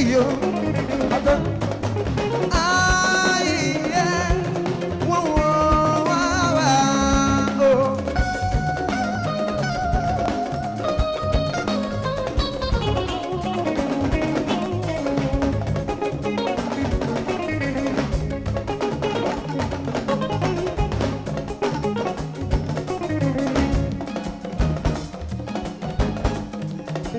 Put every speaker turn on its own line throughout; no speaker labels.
yo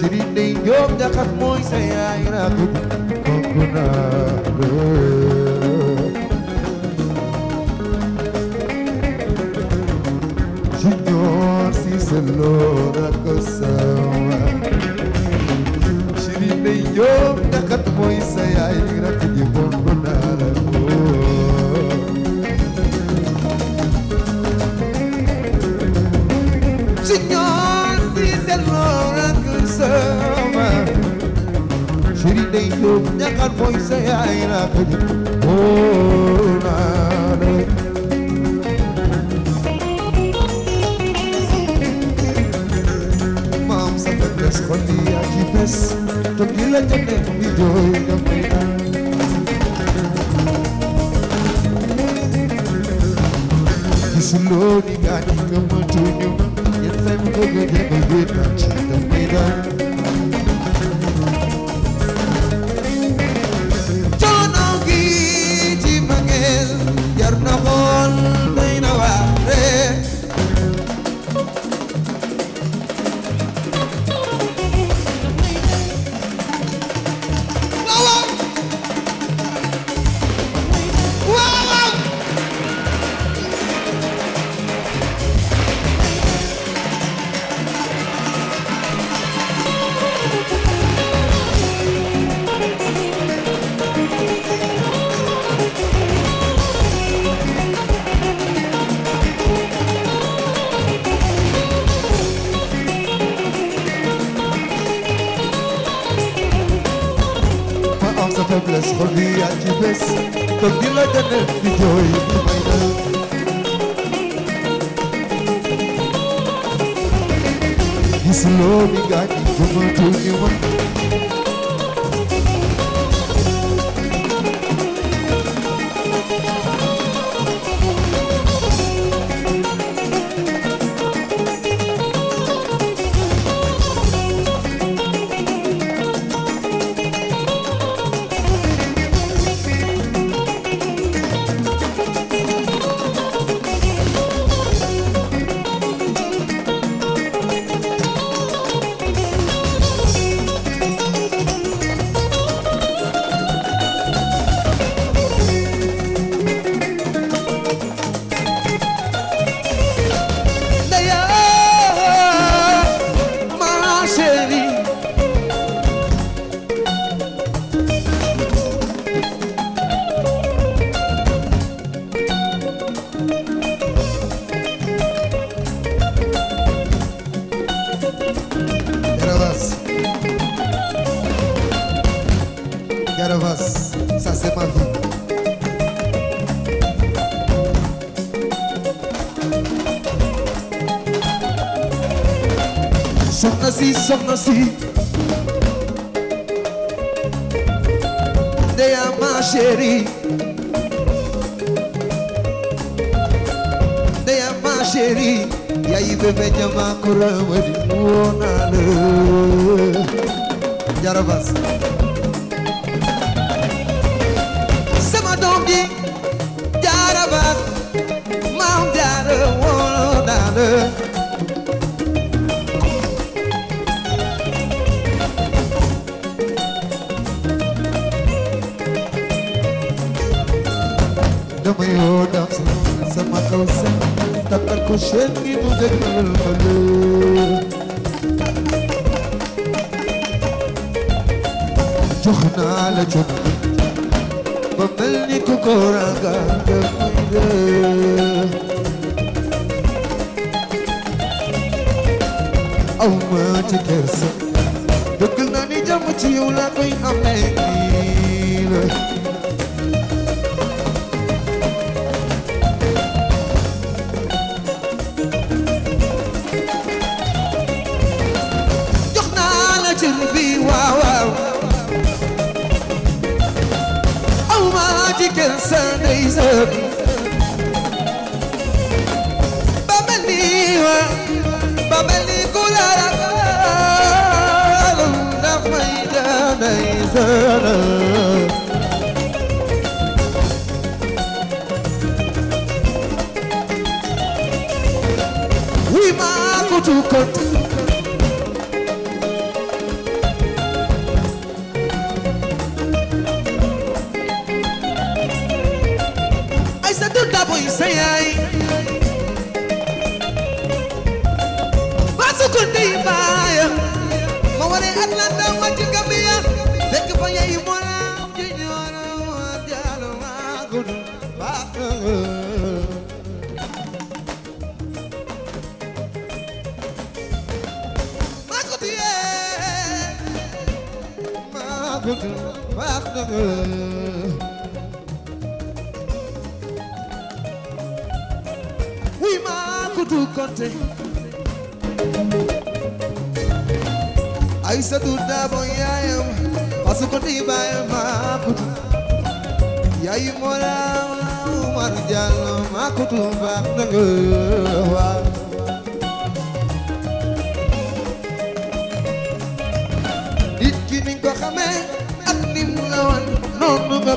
Serigne Ndeye Diop Ndiakhate mooy sa yaay raatu fonk naa la selo rako sawa Serigne Ndeye Diop Ndiakhate mooy sa yaay loo ñàkkal mooy sa yaay laa ko di woo naa ka des xol bi ci des te bi la ca bi jooy nga may naan gisuloo ni gaa ñi gëmatuñu yéen say mu jóge jéego yéen naa ci His love got me from a soxna si soxna si Ndeya ma chérie Ndeya ma chérie yayi bébé jama kura wadi wona le jarabas sama doom ji jarabas maam jaara wona le damay woo daam sama kaw sax takkal ko seen gi mu dëggal ma leen jox la jot ba mel ni ku ko ranga aw ma ci kersa dëggal naa ni jàmm ci yow laa koy amee sëb ba mel ni wa ba mel ni ku la ragal ndax may danay sënal wi maa ko tukkoon sa basu ko ndey baayam ma ware Atlanta ma ci Gambia dëkk fa yaay moram ji ñoro jaalo ma gudu baax ma ko ma gudu Aïssatou Konté Aïssatou Dabo yaayam Asu Konté baayam maa kutu yaayu Mawla Umar Diallo maa kutu baax na nga waa nit ki ni ko xamee ak ni mu la wan noonu nga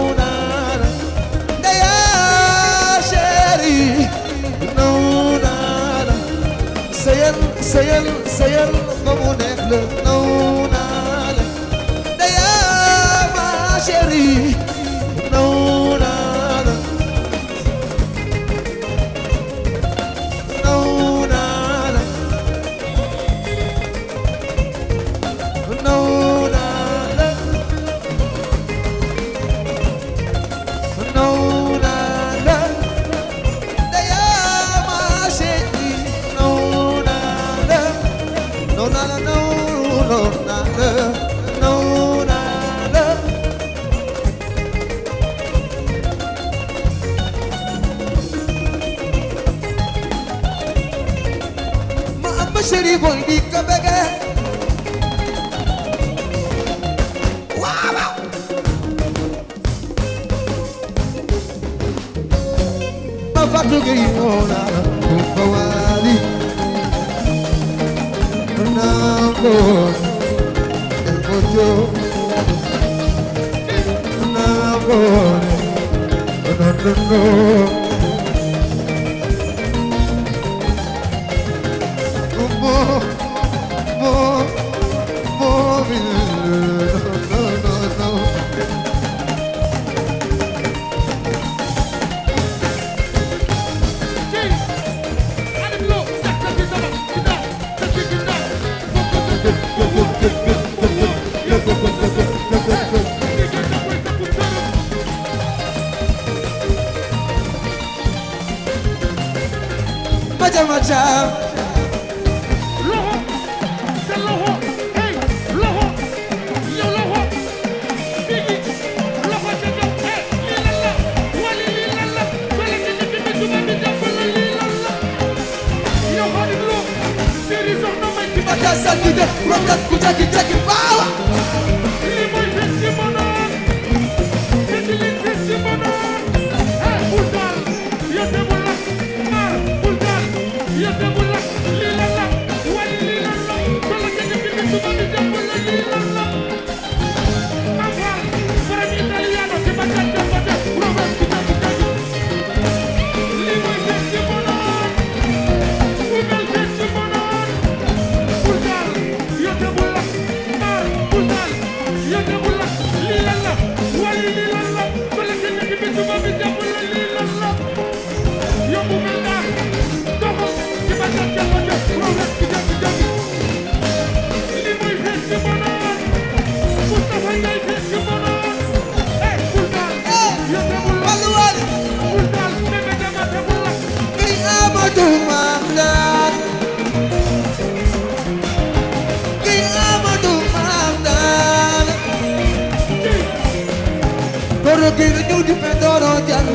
sëyal sëyal ba mu neex la Fatou Gueye moo la kumpa waali naangoon el mojo naangoon nononono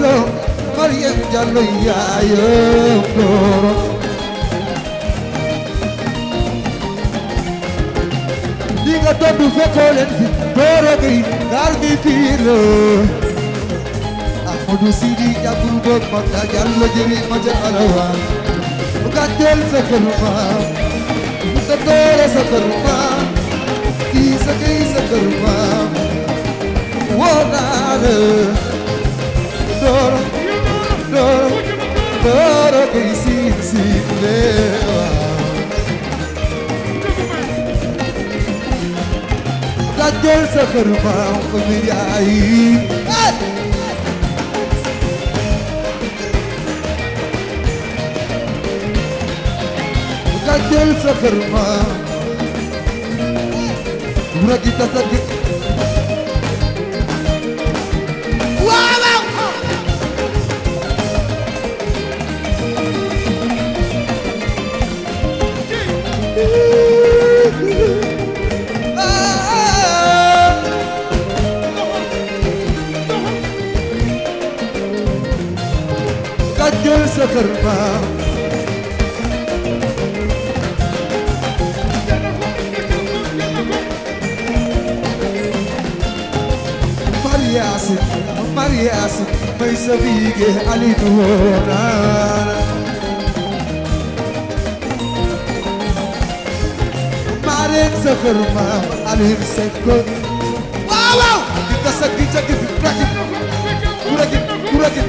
Jallo Mariam Jallo yaayam dooro di nga todd fekkoo leen fi dooro gay gaal gi piir Ahmadou Sidi jàppul boog Makka Jallo jëri ma ca alawaan bu gàtteel sa kër bu sa sa kër maam kii sa kii sa kër maam doro doro doro koy siig siig leewa dajjal sa kër maam ko mi yaay dajjal sa kër maam ragita sa kër waaw sa kër maam Mariasin Mariasin may sa biige alitu woonaan Maareen sa kër maam alim seen ko waaw waaw di tasa di jagi fi kuragin kuragin kuragin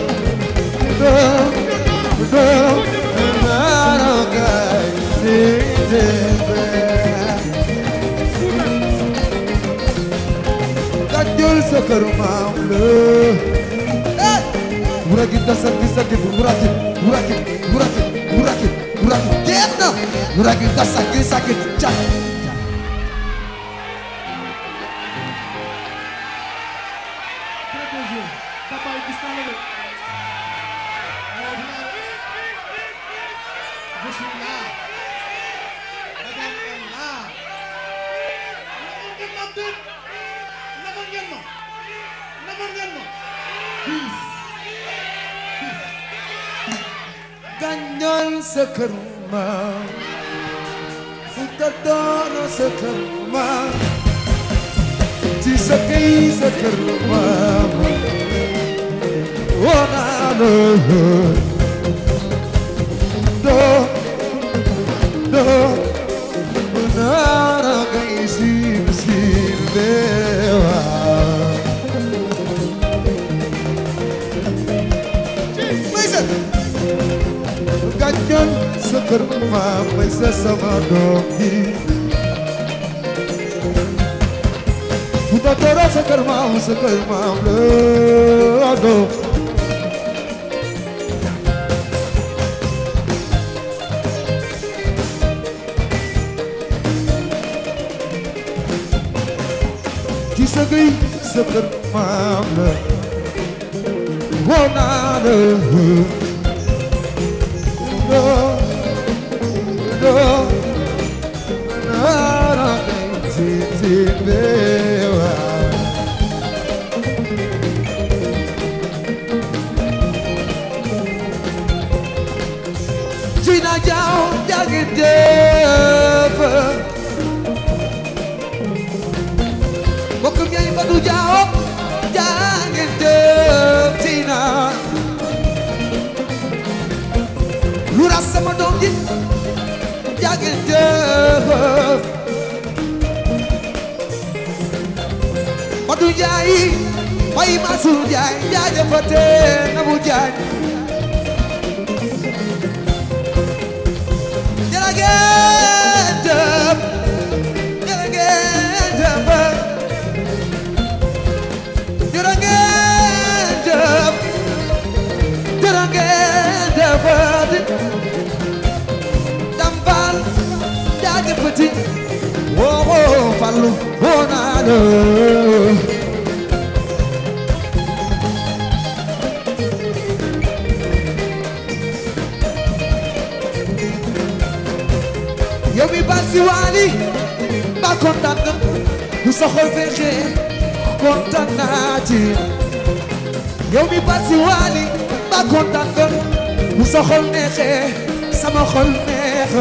këru maam la burakit da santi santi burakit burakit burakit burakit burakit jeex na burakit da santi gañal sa kër maam Fuuta doona sa kër maam ci sa kay sa kër maam woonaano ñaan sa kër ma may sa sama doom ji bu ta toro sa kër maam sa kër maam la doom ci sa gëy sa kër maam la woo naa la oh. fate Nabou Diagne jërëngeen jëf jërëngeen jëf jërëngeen jëf jërëngeen jëf dambal jaage petit woo woo fallu woo naa ba kontaan nga bu sa xol feexee kontaan naa ci yow mi ba si waali ba kontaan nga bu sa xol neexee sama xol neex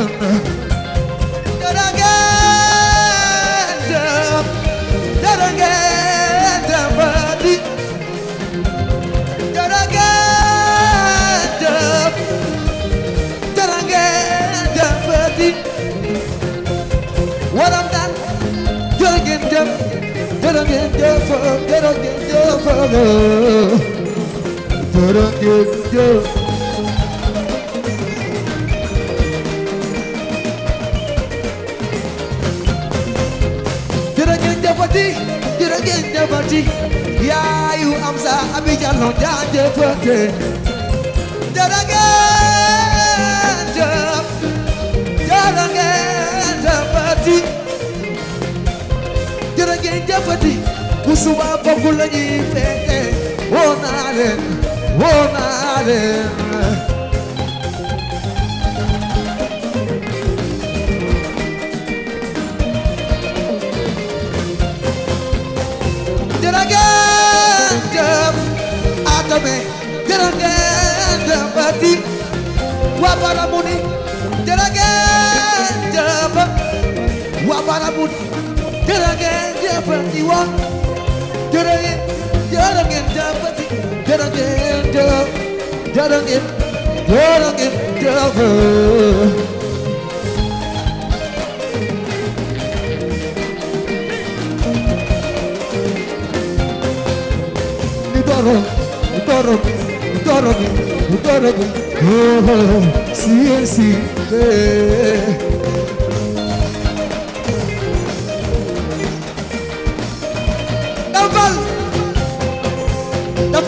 jërë ngeen jëf jërë ngeen jëf jërë ngeen jëf jërë ngeen jëfati jërë ngeen jëfati am sa abi jàlloon jaajëfate jërë ngeen jëfati bu suba bokku la ñuy feete woo naa leen woo naa leen waa bara mu ni jërëjëf waa bara mu ni jërë ngeen jëfati woon jërë ngeen jërë ngeen jëfati jërë ngeen jëf jërë ngeen jërë ngeen jëf ni toro ni toro ni toro ni toro ni oh si si eh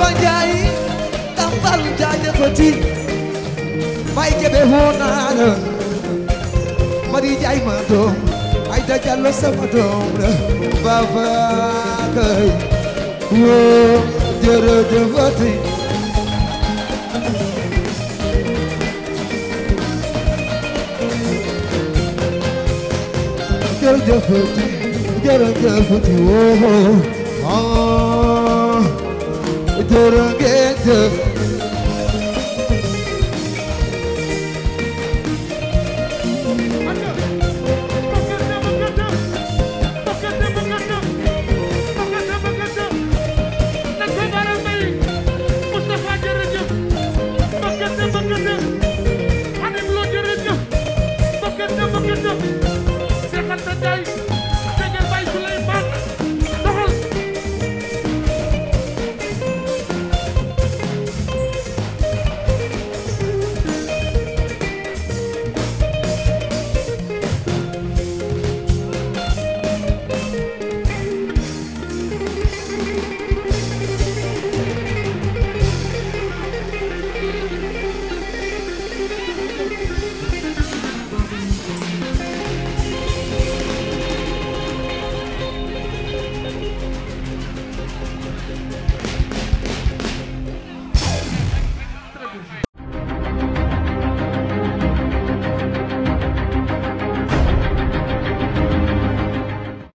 Demba Ndiaye Tambal jaajëfati Mbaye Kébé woo naa la Madi Ndiaye ma doom Aïda Diallo sama doom la Baba kay woo jërëjëfati jërëjëfati jërëjëfati woo ah. jërë ngeen jëf